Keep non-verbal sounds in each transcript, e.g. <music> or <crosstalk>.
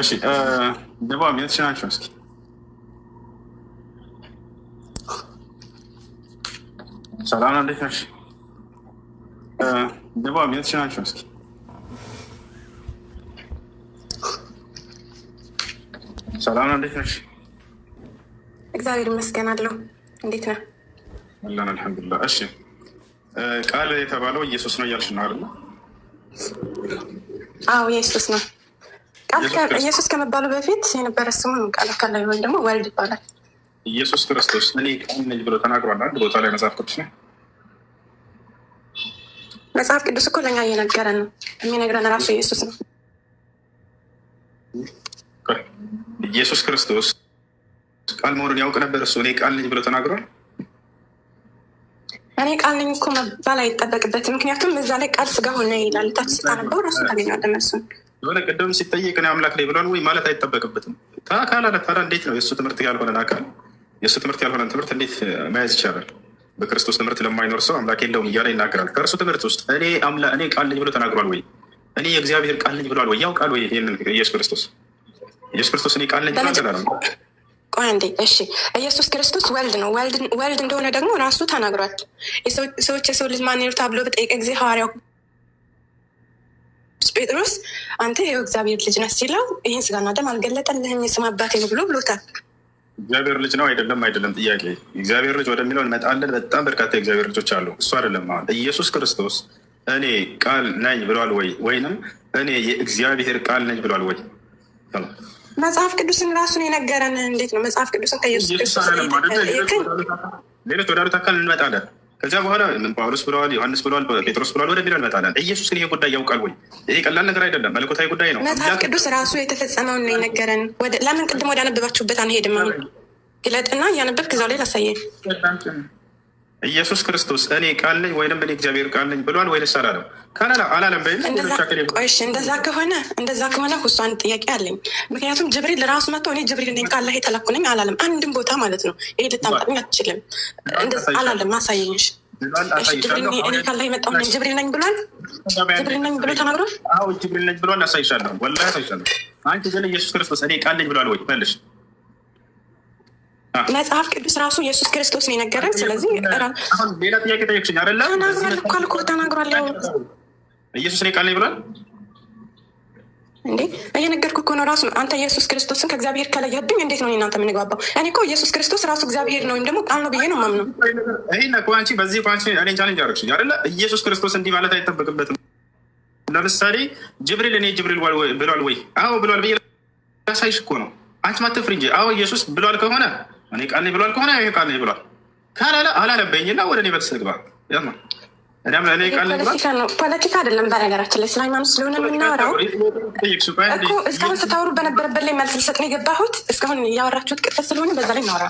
እሺ ደባ ቤተሽ ናቸው እስኪ ሰላም እንዴት ነሽ? ደባ ቤተሽ ናቸው እስኪ ሰላም እንዴት ነሽ? እግዚአብሔር ይመስገን አለሁ። እንዴት ነህ? አለን አልሐምዱሊላህ። እሺ ቃል የተባለው ኢየሱስ ነው እያልሽ ነው አይደል? አዎ የሱስ ነው። ኢየሱስ ከመባሉ በፊት የነበረ ስሙን ቃል አካላዊ ወይም ደግሞ ወልድ ይባላል። ኢየሱስ ክርስቶስ እኔ ቃል ነኝ ብሎ ተናግሯል አንድ ቦታ ላይ መጽሐፍ ቅዱስ ነው። መጽሐፍ ቅዱስ እኮ ለኛ እየነገረን ነው። የሚነግረን ራሱ ኢየሱስ ነው። ኢየሱስ ክርስቶስ ቃል መሆኑን ያውቅ ነበር። እሱ እኔ ቃል ነኝ ብሎ ተናግሯል። እኔ ቃል ነኝ እኮ መባል አይጠበቅበት። ምክንያቱም እዛ ላይ ቃል ስጋ ሆነ ይላል። ታች ስታነበው ራሱ ታገኘዋለህ መልሱን። የሆነ ቅድም ሲጠየቅ እኔ አምላክ ላይ ብሏል ወይ ማለት አይጠበቅበትም። ከአካል አለ ታዲያ እንዴት ነው የእሱ ትምህርት ያልሆነን አካል የእሱ ትምህርት ያልሆነን ትምህርት እንዴት መያዝ ይቻላል? በክርስቶስ ትምህርት ለማይኖር ሰው አምላክ የለውም እያለ ይናገራል። ከእርሱ ትምህርት ውስጥ እኔ እኔ ቃል ነኝ ብሎ ተናግሯል ወይ? እኔ የእግዚአብሔር ቃል ነኝ ብሏል ወይ? ያው ቃል ወይ? ይህንን ኢየሱስ ክርስቶስ ኢየሱስ ክርስቶስ እኔ ቃል ነኝ ብሏል ቆይ አንዴ እሺ ኢየሱስ ክርስቶስ ወልድ ነው ወልድ እንደሆነ ደግሞ ራሱ ተናግሯል ሰዎች የሰው ልጅ ማን ይሉታ ብሎ በጠየቀ ጊዜ ሐዋርያው ጴጥሮስ አንተ እግዚአብሔር ልጅ ነህ ሲለው ይህን ስጋና ደም አልገለጠልህም የስም አባቴ ነው ብሎ ብሎታል እግዚአብሔር ልጅ ነው አይደለም አይደለም ጥያቄ እግዚአብሔር ልጅ ወደሚለው እንመጣለን በጣም በርካታ የእግዚአብሔር ልጆች አሉ እሱ አይደለም አሁን ኢየሱስ ክርስቶስ እኔ ቃል ነኝ ብሏል ወይ ወይንም እኔ የእግዚአብሔር ቃል ነኝ ብሏል ወይ መጽሐፍ ቅዱስን ራሱን የነገረን እንዴት ነው? መጽሐፍ ቅዱስን ከኢየሱስ ክርስቶስ ሌሎች ወዳሉት አካል እንመጣለን። ከዚያ በኋላ ጳውሎስ ብለዋል፣ ዮሐንስ ብለዋል፣ ጴጥሮስ ብለዋል ወደሚለው እንመጣለን። ኢየሱስን ይሄ ጉዳይ ያውቃል ወይ? ይሄ ቀላል ነገር አይደለም፣ መለኮታዊ ጉዳይ ነው። መጽሐፍ ቅዱስ ራሱ የተፈጸመውን ነው የነገረን። ለምን ቅድም ወደ አነበባችሁበት አንሄድም? ግለጥና እያነበብክ እዛው ላይ ላሳየን ኢየሱስ ክርስቶስ እኔ ቃል ነኝ ወይም እኔ እግዚአብሔር ቃል ነኝ ብሏል ወይንስ አላለም? አላለም። ቆይሽ እንደዛ ከሆነ እንደዛ ከሆነ ሁሱ አንድ ጥያቄ አለኝ። ምክንያቱም ጅብሪል ራሱ መጥቶ እኔ ጅብሪል ነኝ ቃል ላይ የተላኩ ነኝ አላለም፣ አንድም ቦታ ማለት ነው። ይሄ ልታምጣኝ አትችልም አላለም። አሳየኝሽ። እኔ ቃል ላይ መጣሁ ነኝ ጅብሪል ነኝ ብሏል። ጅብሪል ነኝ ብሎ ተናግሯል። ጅብሪል ነኝ ብሏል። አሳይሻለሁ፣ ወላሂ አሳይሻለሁ። አንቺ ግን ኢየሱስ ክርስቶስ እኔ ቃል ነኝ ብሏል ወይ መልሽ መጽሐፍ ቅዱስ ራሱ ኢየሱስ ክርስቶስ ነው የነገረን። ስለዚህ ሌላ ጥያቄ ጠየቅሽኝ አይደለ? ተናግሯል እኮ አልኮ ተናግሯል። ኢየሱስ እኔ ቃል ነኝ ብሏል እንዴ? እየነገርኩ እኮ ነው ራሱ። አንተ ኢየሱስ ክርስቶስን ከእግዚአብሔር ከለየብኝ እንዴት ነው እናንተ የምንግባባው? እኔ እኮ ኢየሱስ ክርስቶስ ራሱ እግዚአብሔር ነው ወይም ደግሞ ቃል ነው ብዬ ነው ማምነው። ይህን እኮ አንቺ በዚህ አንቺ እኔን ቻሌንጅ አደረግሽኝ አይደለ? ኢየሱስ ክርስቶስ እንዲህ ማለት አይጠበቅበትም። ለምሳሌ ጅብሪል እኔ ጅብሪል ብሏል ወይ? አዎ ብሏል ብዬ ላሳይሽ እኮ ነው። አንቺ ማትፍሪ እንጂ አዎ ኢየሱስ ብሏል ከሆነ እኔ ቃል ብሏል ከሆነ ይሄ ቃል ብሏል ካላለ አላለበኝና ወደ እኔ በተሰግባ ፖለቲካ አይደለም። በነገራችን ላይ ስለ ሃይማኖት ስለሆነ የምናወራው እስካሁን ስታወሩ በነበረበት ላይ መልስ ልሰጥ ነው የገባሁት። እስካሁን እያወራችሁት ቅጥፈት ስለሆነ በዛ ላይ እናወራ።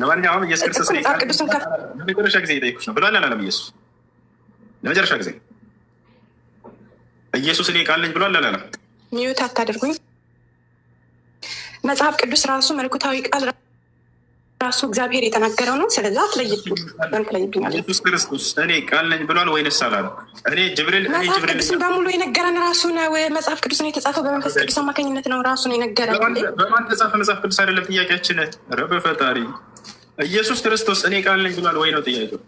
ለማንኛውም ኢየሱስ ክርስቶስ ለመጨረሻ ጊዜ ነው ብሏል አላለም? ኢየሱስ ለመጨረሻ ጊዜ ኢየሱስ እኔ ቃል ነኝ ብሏል አላለም? ሚዩት አታደርጉኝ መጽሐፍ ቅዱስ ራሱ መልኩታዊ ቃል ራሱ እግዚአብሔር የተናገረው ነው። ስለዛ አትለይቱ ክርስቶስ እኔ ቃል ነኝ ብሏል ወይንስ አላለም? እኔ ጅብሪል መጽሐፍ ቅዱስን በሙሉ የነገረን ራሱ ነው። መጽሐፍ ቅዱስ ነው የተጻፈው በመንፈስ ቅዱስ አማካኝነት ነው ራሱ ነው የነገረን። በማን ተጻፈ መጽሐፍ ቅዱስ አይደለም ጥያቄያችን። ረበ ፈጣሪ ኢየሱስ ክርስቶስ እኔ ቃል ነኝ ብሏል ወይ ነው ጥያቄው።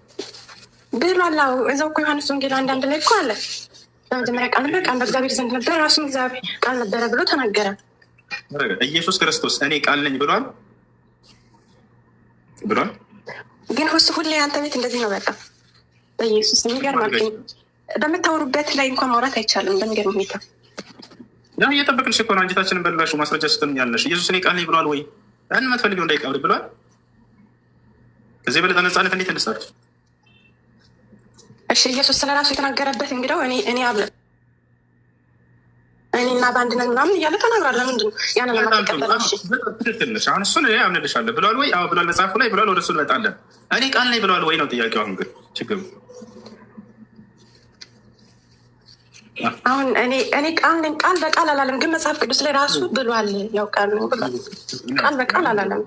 ብሏላው እዛው እኮ ዮሐንስ ወንጌል አንዳንድ ላይ እኮ አለ። በመጀመሪያ ቃል ነበር፣ ቃል በእግዚአብሔር ዘንድ ነበር፣ ራሱም ቃል ነበረ ብሎ ተናገረ። ኢየሱስ ክርስቶስ እኔ ቃል ነኝ ብሏል ብሏል። ግን ሁስ ሁሌ አንተ ቤት እንደዚህ ነው። በቃ በኢየሱስ የሚገርም በምታወሩበት ላይ እንኳን ማውራት አይቻልም። በሚገርም ሁኔታ ያ እየጠበቅንሽ እኮ ነው። አንጀታችንን በላሹ ማስረጃ ስትም ያለሽ ኢየሱስ እኔ ቃል ነኝ ብሏል ወይ ያን የምትፈልጊው እንዳይቀብር ብሏል። ከዚህ በለጠ ነፃነት እንዴት እንሳለች? እሺ ኢየሱስ ስለራሱ የተናገረበት እንግዲው እኔ እኔ አብረ እኔና በአንድነት ምናምን እያለ ተናግራለ። ምንድ ያን ያንን አሁን እሱን አምንልሻለሁ ብሏል ወይ? አዎ ብሏል፣ መጽሐፉ ላይ ብሏል። ወደ እሱ እንመጣለን። እኔ ቃል ላይ ብሏል ወይ ነው ጥያቄው። አሁን ግን ችግሩ አሁን እኔ እኔ ቃል ነኝ ቃል በቃል አላለም፣ ግን መጽሐፍ ቅዱስ ላይ ራሱ ብሏል። ያው ቃል ነኝ ብሏል፣ ቃል በቃል አላለም።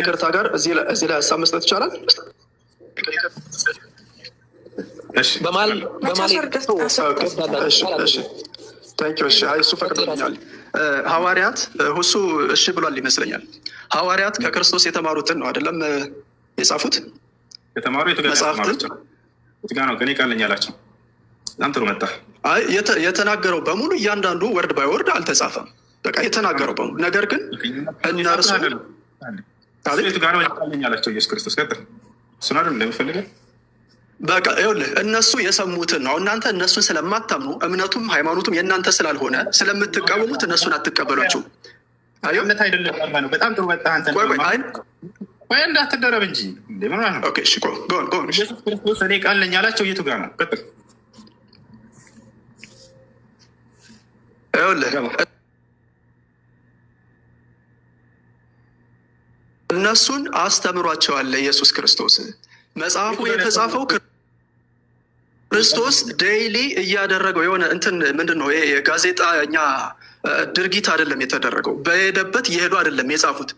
ይቅርታ ጋር እዚህ ላይ ሀሳብ መስጠት ይቻላል። እሱ ፈቅዶልኛል። ሐዋርያት ሁሱ እሺ ብሏል ይመስለኛል። ሐዋርያት ከክርስቶስ የተማሩትን ነው አይደለም የጻፉት የተማሩ ያላቸው በጣም ጥሩ መጣ። የተናገረው በሙሉ እያንዳንዱ ወርድ ባይ ወርድ አልተጻፈም። በቃ የተናገረው በሙሉ ነገር ግን እናርሱ ጋ ጋር አላቸው ኢየሱስ ክርስቶስ ቀጥል እሱን አይደል እንደሚፈልገው በቃ ይኸውልህ እነሱ የሰሙትን ነው። እናንተ እነሱን ስለማታምኑ እምነቱም ሃይማኖቱም የእናንተ ስላልሆነ ስለምትቀበሉት እነሱን አትቀበሏቸው። እምነት አይደለም በጣም ጥሩ ወጣ እንዳትደረብ እንጂ ኢየሱስ ክርስቶስ እኔ ቃል ነኝ አላቸው። የቱ ጋር ነው? ይኸውልህ እነሱን አስተምሯቸዋለህ ኢየሱስ ክርስቶስ መጽሐፉ የተጻፈው ክርስቶስ ዴይሊ እያደረገው የሆነ እንትን ምንድን ነው ይሄ የጋዜጠኛ ድርጊት አይደለም የተደረገው። በሄደበት የሄዱ አይደለም የጻፉት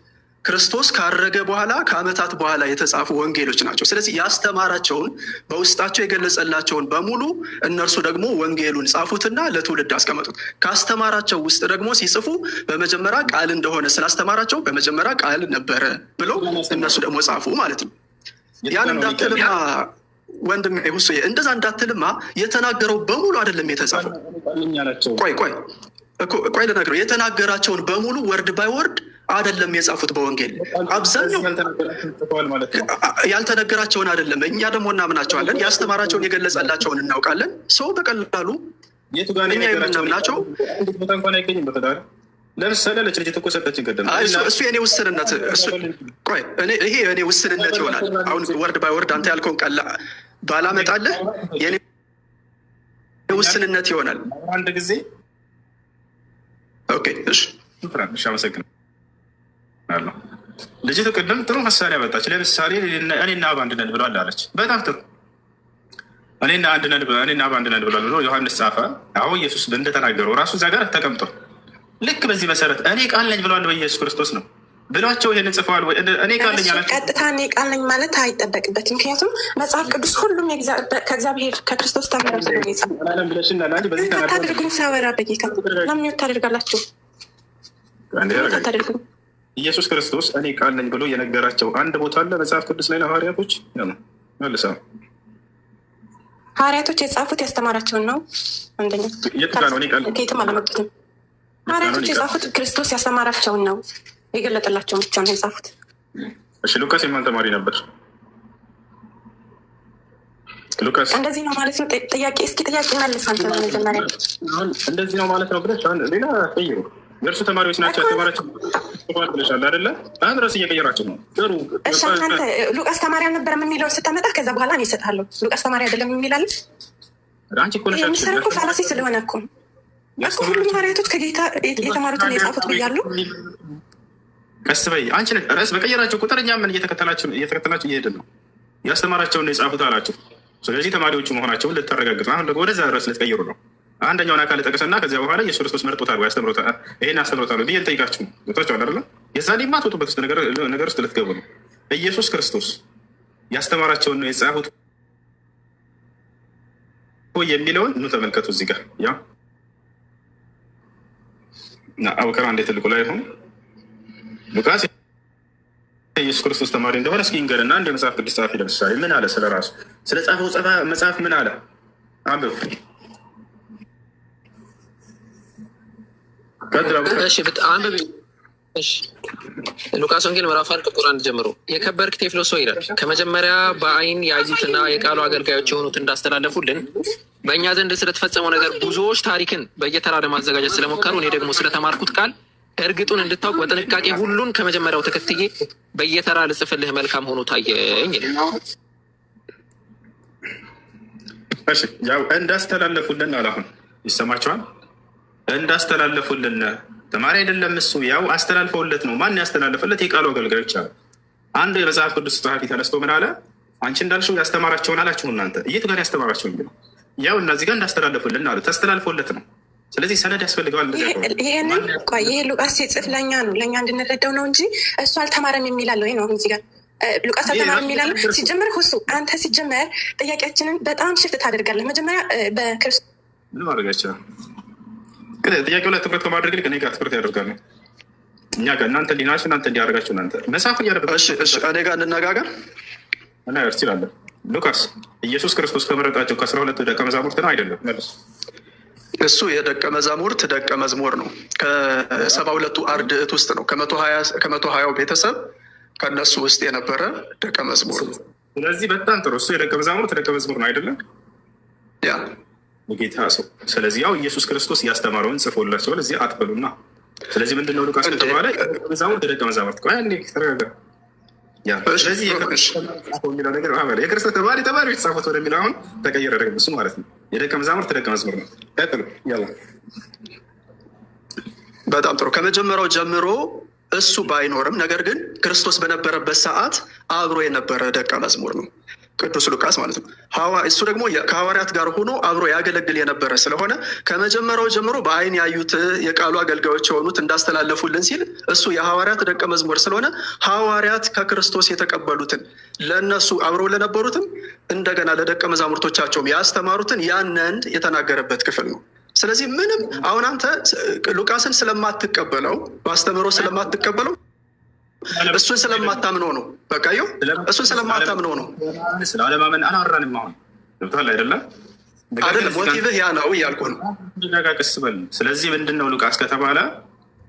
ክርስቶስ ካረገ በኋላ ከዓመታት በኋላ የተጻፉ ወንጌሎች ናቸው። ስለዚህ ያስተማራቸውን በውስጣቸው የገለጸላቸውን በሙሉ እነርሱ ደግሞ ወንጌሉን ጻፉትና ለትውልድ አስቀመጡት። ካስተማራቸው ውስጥ ደግሞ ሲጽፉ በመጀመሪያ ቃል እንደሆነ ስላስተማራቸው በመጀመሪያ ቃል ነበረ ብለው እነሱ ደግሞ ጻፉ ማለት ነው። ያን እንዳትልና ወንድም ሁሱ እንደዛ እንዳትልማ የተናገረው በሙሉ አይደለም የተጻፈው። ቆይ ቆይ ቆይ ልነግረው የተናገራቸውን በሙሉ ወርድ ባይ ወርድ አይደለም የጻፉት በወንጌል አብዛኛው ያልተነገራቸውን አይደለም። እኛ ደግሞ እናምናቸዋለን። ያስተማራቸውን የገለጸላቸውን እናውቃለን። ሰው በቀላሉ እኛ የምናምናቸው ለምሳሌ አለች ልጅ እኮ ሰጠችን ገደም እሱ የኔ ውስንነት ይሄ የእኔ ውስንነት ይሆናል። አሁን ወርድ ባይ ወርድ አንተ ያልከውን ቀላ ባላመጣለህ የእኔ ውስንነት ይሆናል። አንድ ጊዜ ኦኬ፣ እሺ፣ አመሰግናለሁ። ልጅቱ ቅድም ጥሩ ምሳሌ ያመጣች ለምሳሌ እኔና አብ አንድ ነን ብሏል አለች። በጣም ጥሩ እኔና አንድ ነን ብሏል ብሎ ዮሐንስ ጻፈ። አሁን ኢየሱስ እንደተናገረው ራሱ እዛ ጋር ተቀምጧል። ልክ በዚህ መሰረት እኔ ቃል ነኝ ብለዋል በኢየሱስ ክርስቶስ ነው ብሏቸው ይህን ጽፈዋል። እኔ ቃል ነኝ አላቸው። ቀጥታ እኔ ቃል ነኝ ማለት አይጠበቅበት። ምክንያቱም መጽሐፍ ቅዱስ ሁሉም ከእግዚአብሔር ከክርስቶስ ተምረው ሳወራ በጌታ ለምን ታደርጋላችሁ? ኢየሱስ ክርስቶስ እኔ ቃል ነኝ ብሎ የነገራቸው አንድ ቦታ አለ መጽሐፍ ቅዱስ ላይ ለሐዋርያቶች መልሰ ሐዋርያቶች የጻፉት ያስተማራቸውን ነው። አንደኛ ነው ቃል ከየትም አለመጡትም ሐዋርያቶች የጻፉት ክርስቶስ ያስተማራቸውን ነው፣ የገለጠላቸውን ብቻ ነው የጻፉት። እሺ ሉቃስ የማን ተማሪ ነበር? ሉቃስ እንደዚህ ነው ማለት ነው። ጥያቄ እስኪ ጥያቄ መልስ አንተ። መጀመሪያ እንደዚህ ነው ማለት ነው ብለሽ አንድ ሌላ ቀይሩ። የእርሱ ተማሪዎች ናቸው ያስተማራቸው ብለሻል አይደለ? አሁን ራሱ እየቀየራቸው ነው። ጥሩ እሺ። አንተ ሉቃስ ተማሪ አልነበረም የሚለው ስተመጣ ከዛ በኋላ እኔ እሰጥሃለሁ። ሉቃስ ተማሪ አይደለም የሚላለን አንቺ እኮ ነሽ። የሚሰራ እኮ ፋላሲ ስለሆነ እኮ እኮ ሁሉም ሐዋርያቶች ከጌታ የተማሩትን የጻፉት ብያሉ። ቀስ በይ አንቺ ርዕስ በቀየራቸው ቁጥር እኛ ምን እየተከተላቸው እየሄድን ነው። ያስተማራቸውን የጻፉት አላቸው። ስለዚህ ተማሪዎቹ መሆናቸውን ልታረጋግጥ አሁን ደግሞ ወደዛ ርዕስ ልትቀይሩ ነው። አንደኛውን አካል ጠቅሰና ከዚያ በኋላ ኢየሱስ ክርስቶስ መርጦታል ወይ አስተምሮታል፣ ይህን አስተምሮታል ብዬ ልጠይቃችሁ። ገብታችኋል አይደለ? የዛ ሊማ ትወጡበት ውስጥ ነገር ውስጥ ልትገቡ ነው። ኢየሱስ ክርስቶስ ያስተማራቸውን ነው የጻፉት የሚለውን ኑ ተመልከቱ እዚህ ጋር ያው አቡበከር እንዴት ትልቁ ላይ ሆን ሉቃስ ኢየሱስ ክርስቶስ ተማሪ እንደሆነ እስኪ ንገርና እንደ መጽሐፍ ቅዱስ ጸሐፊ ለምሳሌ ምን አለ? ስለ ራሱ ስለ ጻፈው መጽሐፍ ምን አለ? አንብብ። አንብብ ሉቃስ ወንጌል ምዕራፍ አንድ ቁጥር አንድ ጀምሮ የከበርክ ቴዎፍሎስ ሆይ ይላል ከመጀመሪያ በአይን ያዩትና የቃሉ አገልጋዮች የሆኑት እንዳስተላለፉልን በእኛ ዘንድ ስለተፈጸመው ነገር ብዙዎች ታሪክን በየተራ ለማዘጋጀት ስለሞከሩ እኔ ደግሞ ስለተማርኩት ቃል እርግጡን እንድታውቅ በጥንቃቄ ሁሉን ከመጀመሪያው ተከትዬ በየተራ ልጽፍልህ መልካም ሆኖ ታየኝ። ያው እንዳስተላለፉልን አላሁን ይሰማቸዋል። እንዳስተላለፉልን ተማሪ አይደለም እሱ ያው አስተላልፈውለት ነው። ማን ያስተላልፈለት? የቃሉ አገልጋዮች አሉ። አንድ የመጽሐፍ ቅዱስ ጸሐፊ ተነስቶ ምን አለ? አንቺ እንዳልሽው ያስተማራቸውን አላችሁ እናንተ እየት ጋር ያስተማራቸው የሚ ያው እነዚህ ጋር እንዳስተላልፉልን አሉ። ተስተላልፈውለት ነው። ስለዚህ ሰነድ ያስፈልገዋል። ይህንን ይሄ ሉቃስ ሲጽፍ ለእኛ ነው ለእኛ እንድንረዳው ነው እንጂ እሱ አልተማረም የሚላለው ይህ ነው። አሁን እዚህ ጋር ሉቃስ አልተማረ የሚላለ ሲጀምር ሁሱ አንተ ሲጀመር ጥያቄያችንን በጣም ሽፍት ታደርጋለህ። መጀመሪያ በክርስቶስ ግን ጥያቄው ላይ ትኩረት ከማድረግ ልክ እኔ ጋር ትኩረት ያደርጋሉ። እኛ ጋር እናንተ እንዲናችሁ እናንተ እንዲያደርጋችሁ እናንተ መጽሐፍ እኔ ጋር እንነጋገር እና ይላለ ሉካስ ኢየሱስ ክርስቶስ ከመረጣቸው ከአስራ ሁለቱ ደቀ መዛሙርት ነው አይደለም? መልስ እሱ የደቀ መዛሙርት ደቀ መዝሙር ነው። ከሰባ ሁለቱ አርድእት ውስጥ ነው። ከመቶ ሀያው ቤተሰብ ከእነሱ ውስጥ የነበረ ደቀ መዝሙር ነው። ስለዚህ በጣም ጥሩ። እሱ የደቀ መዛሙርት ደቀ መዝሙር ነው አይደለም? የጌታ ሰው። ስለዚህ ያው ኢየሱስ ክርስቶስ ያስተማረውን ጽፎላቸዋል እዚህ አትበሉና። ስለዚህ ምንድነው ሉቃስ ከተባለ መዛሙርት ደቀ መዛሙርት ተረጋጋ ስለዚህ የሚለው ነገር የክርስቶስ ተማሪ ተማሪዎች ጻፉት ወደሚለው አሁን ተቀየረ። ደግሞ እሱ ማለት ነው የደቀ መዛሙርት ደቀ መዝሙር ነው። በጣም ጥሩ። ከመጀመሪያው ጀምሮ እሱ ባይኖርም ነገር ግን ክርስቶስ በነበረበት ሰዓት አብሮ የነበረ ደቀ መዝሙር ነው። ቅዱስ ሉቃስ ማለት ነው። እሱ ደግሞ ከሐዋርያት ጋር ሆኖ አብሮ ያገለግል የነበረ ስለሆነ ከመጀመሪያው ጀምሮ በአይን ያዩት የቃሉ አገልጋዮች የሆኑት እንዳስተላለፉልን ሲል እሱ የሐዋርያት ደቀ መዝሙር ስለሆነ ሐዋርያት ከክርስቶስ የተቀበሉትን ለእነሱ አብረው ለነበሩትም እንደገና ለደቀ መዛሙርቶቻቸውም ያስተማሩትን ያንን የተናገረበት ክፍል ነው። ስለዚህ ምንም አሁን አንተ ሉቃስን ስለማትቀበለው በአስተምህሮ ስለማትቀበለው እሱን ስለማታምነው ነው። በቃ ዩ እሱን ስለማታምነው ነው። ስለአለማመን አናራንም አሁን ገብቷል አይደለም አይደል? ሞቲቭህ ያ ነው እያልኩ ነው። ነቃቅስ በል። ስለዚህ ምንድን ነው ሉቃስ ከተባለ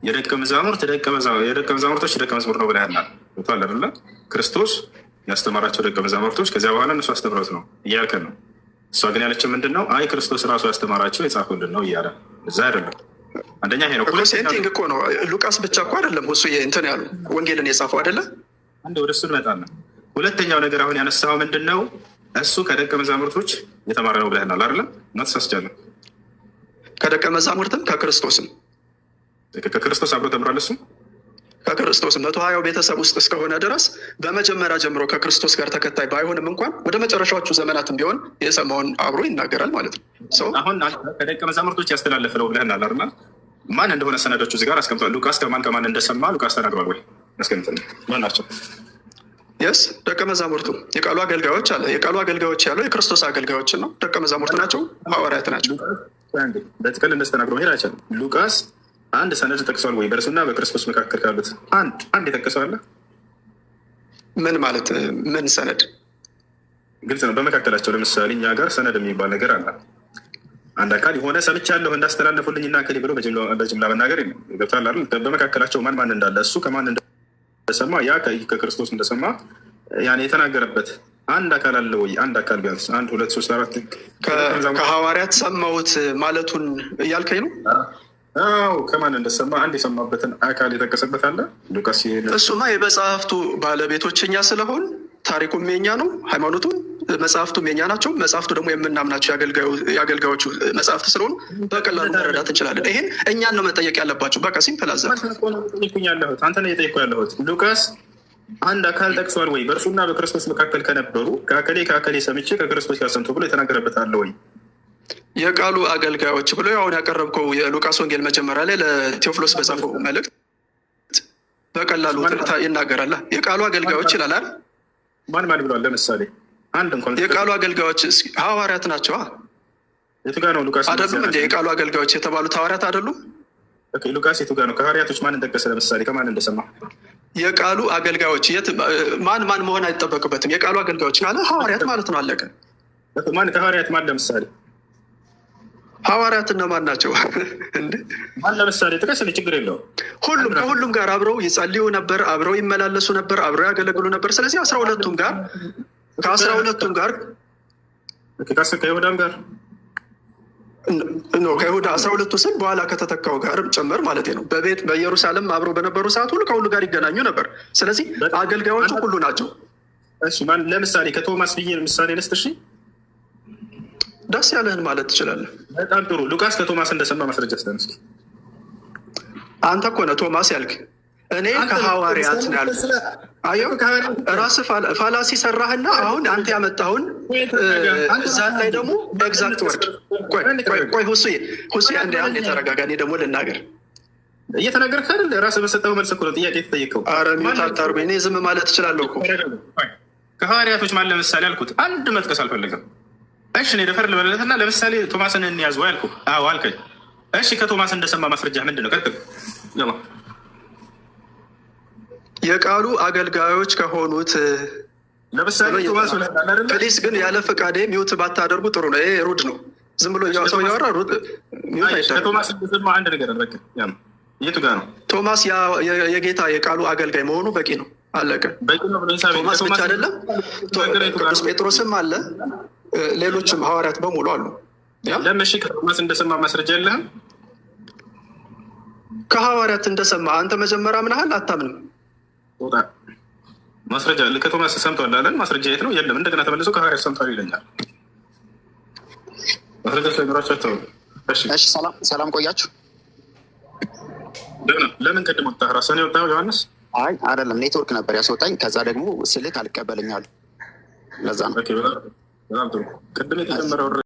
የደቀ መዛሙርት የደቀ መዛሙርቶች የደቀ መዝሙር ነው ብለህናል። ገብቷል አይደለ? ክርስቶስ ያስተማራቸው ደቀ መዛሙርቶች ከዚያ በኋላ እነሱ አስተምረት ነው እያልከን ነው። እሷ ግን ያለችን ምንድን ነው? አይ ክርስቶስ ራሱ ያስተማራቸው የጻፉልን ነው እያለ እዛ አይደለም አንደኛ ይሄ ነው። ሴንቲንግ እኮ ነው። ሉቃስ ብቻ እኮ አይደለም እሱ እንትን ያሉ ወንጌልን የጻፈው አይደለ? አንድ ወደ እሱ እንመጣለን። ሁለተኛው ነገር አሁን ያነሳው ምንድን ነው? እሱ ከደቀ መዛሙርቶች የተማረ ነው ብለህናል አይደለም? እናተሳስቻለን። ከደቀ መዛሙርትም ከክርስቶስም ከክርስቶስ አብሮ ተምሯል እሱም ከክርስቶስ መቶ ሀያው ቤተሰብ ውስጥ እስከሆነ ድረስ በመጀመሪያ ጀምሮ ከክርስቶስ ጋር ተከታይ ባይሆንም እንኳን ወደ መጨረሻዎቹ ዘመናትም ቢሆን የሰማውን አብሮ ይናገራል ማለት ነው። አሁን ከደቀ መዛሙርቶች ያስተላለፍ ነው ብለህናል አይደል? ማን እንደሆነ ሰነዶቹ እዚህ ጋር አስቀምጧል። ሉቃስ ከማን ከማን እንደሰማ ሉቃስ ተናግሯል ወይ? አስቀምጠ ማን ናቸው? የስ ደቀ መዛሙርቱ የቃሉ አገልጋዮች አለ። የቃሉ አገልጋዮች ያለው የክርስቶስ አገልጋዮችን ነው። ደቀ መዛሙርቱ ናቸው፣ ሐዋርያት ናቸው። በጥቅል እንደተናግረው መሄድ አይቻልም። ሉቃስ አንድ ሰነድ ተጠቅሷል ወይ? በእርሱና በክርስቶስ መካከል ካሉት አንድ አንድ የጠቀሰዋለ ምን ማለት ምን ሰነድ? ግልጽ ነው። በመካከላቸው ለምሳሌ እኛ ጋር ሰነድ የሚባል ነገር አለ። አንድ አካል የሆነ ሰምቻለሁ እንዳስተላለፉልኝ እና እከሌ ብሎ በጅምላ መናገር ገብታል አይደል? በመካከላቸው ማን ማን እንዳለ እሱ ከማን እንደሰማ ያ ከክርስቶስ እንደሰማ ያኔ የተናገረበት አንድ አካል አለ ወይ? አንድ አካል ቢያንስ አንድ ሁለት ሶስት አራት ከሐዋርያት ሰማሁት ማለቱን እያልከኝ ነው? አዎ ከማን እንደሰማ አንድ የሰማበትን አካል የጠቀሰበት አለ። ሉቃስ እሱማ የመጽሐፍቱ ባለቤቶች እኛ ስለሆን ታሪኩም የኛ ነው፣ ሃይማኖቱም መጽሐፍቱም የኛ ናቸው። መጽሐፍቱ ደግሞ የምናምናቸው የአገልጋዮቹ መጽሐፍት ስለሆኑ በቀላሉ መረዳት እንችላለን። ይህን እኛን ነው መጠየቅ ያለባቸው። በቃ ሲምፕል አዘ ያለሁት አንተ ነው የጠየኩህ ያለሁት ሉቃስ አንድ አካል ጠቅሷል ወይ? በእርሱና በክርስቶስ መካከል ከነበሩ ከአከሌ ከአከሌ ሰምቼ ከክርስቶስ ያሰምቶ ብሎ የተናገረበት አለ ወይ? የቃሉ አገልጋዮች ብሎ አሁን ያቀረብከው የሉቃስ ወንጌል መጀመሪያ ላይ ለቴዎፍሎስ በጻፈው መልእክት በቀላሉ ይናገራል። የቃሉ አገልጋዮች ይላል አይደል? ማን ማን ብሏል? ለምሳሌ አንድ እንኳን የቃሉ አገልጋዮች ሐዋርያት ናቸው አይደሉም እንዴ? የቃሉ አገልጋዮች የተባሉት ሐዋርያት አይደሉም? ሉቃስ የቱ ጋ ነው? ከሐዋርያቶች ማን ጠቀሰ? ለምሳሌ ከማን እንደሰማ የቃሉ አገልጋዮች ማን ማን መሆን አይጠበቅበትም። የቃሉ አገልጋዮች ካለ ሐዋርያት ማለት ነው። አለቀ። ማን ከሐዋርያት ማን ለምሳሌ ሐዋርያት እነማን ናቸው? <laughs> ማን ለምሳሌ ጥቀስ፣ ችግር የለው። ሁሉም ከሁሉም ጋር አብረው ይጸልዩ ነበር፣ አብረው ይመላለሱ ነበር፣ አብረው ያገለግሉ ነበር። ስለዚህ አስራ ሁለቱም ጋር ከአስራ ሁለቱም ጋር ከይሁዳም ጋር ከይሁዳ አስራ ሁለቱ ስል በኋላ ከተተካው ጋር ጭምር ማለት ነው። በቤት በኢየሩሳሌም አብረው በነበሩ ሰዓት ሁሉ ከሁሉ ጋር ይገናኙ ነበር። ስለዚህ አገልጋዮቹ ሁሉ ናቸው። ለምሳሌ ከቶማስ ብዬ ምሳሌ ልስጥ። ደስ ያለህን ማለት ትችላለህ። በጣም ጥሩ። ሉቃስ ከቶማስ እንደሰማ ማስረጃ ስጠን እስኪ። አንተ እኮ ነህ ቶማስ ያልክ፣ እኔ ከሐዋርያት ነው ያልኩ። አየሁ እራስህ ፋላሲ ሰራህና አሁን አንተ ያመጣሁን እዛን ላይ ደግሞ በግዛት ወርድ። ቆይ ሁሱ ሁሱ እንደ አንድ የተረጋጋ እኔ ደግሞ ልናገር እየተናገርክ አይደል? ራስህ በሰጠው መልስ እኮ ነው ጥያቄ ተጠይቀው። ኧረ ሚውት እኔ ዝም ማለት እችላለሁ እኮ ከሐዋርያቶች ማን ለምሳሌ አልኩት። አንድ መጥቀስ አልፈለግም እሺ እኔ ደፈር ልበለትና ለምሳሌ ቶማስን እንያዝ ወይ አልኩ። አዎ አልከኝ። እሺ ከቶማስ እንደሰማ ማስረጃ ምንድን ነው? ቀጥል። የቃሉ አገልጋዮች ከሆኑት ለምሳሌ ፕሊስ፣ ግን ያለ ፈቃዴ ሚውት ባታደርጉ ጥሩ ነው። ይሄ ሩድ ነው። ዝም ብሎ ሰው እያወራ ሩድ ሚውት አንድ ነገር አደረገ። የቱ ጋር ነው ቶማስ የጌታ የቃሉ አገልጋይ መሆኑ በቂ ነው። አለቀ። ቶማስ ብቻ አይደለም፣ ቅዱስ ጴጥሮስም አለ፣ ሌሎችም ሐዋርያት በሙሉ አሉ። ለመሺ ከቶማስ እንደሰማ ማስረጃ የለህም? ከሐዋርያት እንደሰማ አንተ መጀመሪያ ምናህል አታምንም? ማስረጃ ከቶማስ ሰምቷል አለን። ማስረጃ የት ነው? የለም። እንደገና ተመልሶ ከሐዋርያት ሰምቷል ይለኛል። ማስረጃ ስለሚኖራቸው ሰላም ቆያችሁ። ለምን ቅድም ወጣ? ራስን የወጣ ዮሐንስ አይ አይደለም፣ ኔትወርክ ነበር ያስወጣኝ። ከዛ ደግሞ ስልክ አልቀበልኛል። ለዛ ነው። ጥሩ ቅድም የተጀመረው